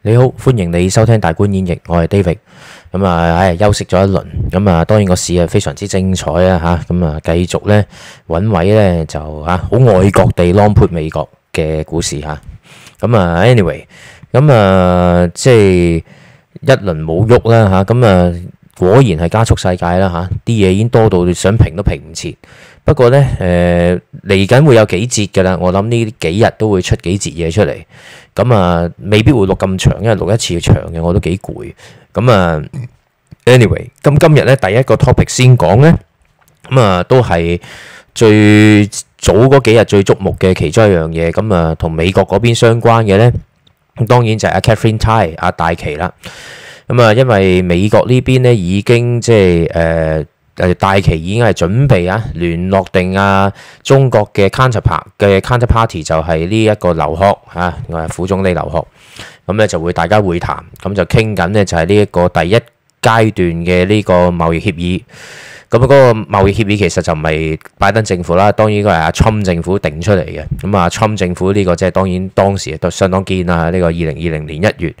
.你好，歡迎你收聽大觀演繹，我係 David。咁啊，哎休息咗一輪，咁啊，當然個市啊非常之精彩啊吓，咁啊，繼續咧搵位咧就吓好愛國地，long 盤美國嘅股市吓，咁啊，anyway，咁啊，即係一輪冇喐啦吓，咁啊。果然係加速世界啦，吓，啲嘢已經多到你想平都平唔切。不過咧，誒嚟緊會有幾節噶啦，我諗呢啲幾日都會出幾節嘢出嚟。咁啊，未必會錄咁長，因為錄一次長嘅我都幾攰。咁啊，anyway，咁今日咧第一個 topic 先講，咧咁啊都係最早嗰幾日最觸目嘅其中一樣嘢。咁啊，同美國嗰邊相關嘅咧，當然就係阿 Katherine Tai 阿戴琪啦。咁啊，因為美國呢邊咧已經即係誒誒戴琪已經係準備聯啊，聯絡定啊中國嘅 counterpart 嘅 counterparty 就係呢一個劉鶴嚇，副總理劉鶴，咁咧就會大家會談，咁就傾緊呢就係呢一個第一階段嘅呢個貿易協議。咁啊，嗰個貿易協議其實就唔係拜登政府啦，當然係阿侵政府定出嚟嘅。咁啊，侵政府呢個即、就、係、是、當然當時都相當堅啊，呢、這個二零二零年一月。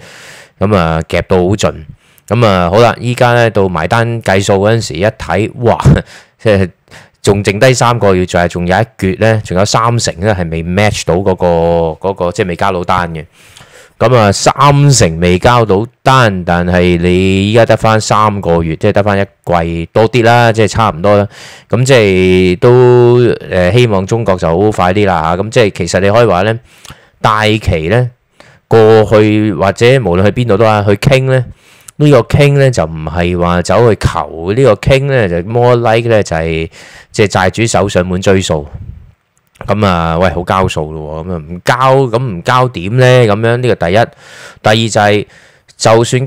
咁啊、嗯，夾到好盡，咁、嗯、啊，好啦，依家咧到埋單計數嗰陣時，一睇，哇，即係仲剩低三個月，仲係仲有一橛咧，仲有三成咧係未 match 到嗰、那個嗰、那個，即係未交到單嘅。咁、嗯、啊，三成未交到單，但係你依家得返三個月，即係得返一季多啲啦，即係差唔多啦。咁即係都誒，希望中國就好快啲啦嚇。咁即係其實你可以話咧，大期咧。過去或者無論去邊度都係去傾咧，呢個傾咧就唔係話走去求，呢個傾咧就 more like 咧就係即債主手上門追數，咁啊喂，好交數咯，咁啊唔交，咁唔交點咧？咁樣呢個第一，第二就係就算交。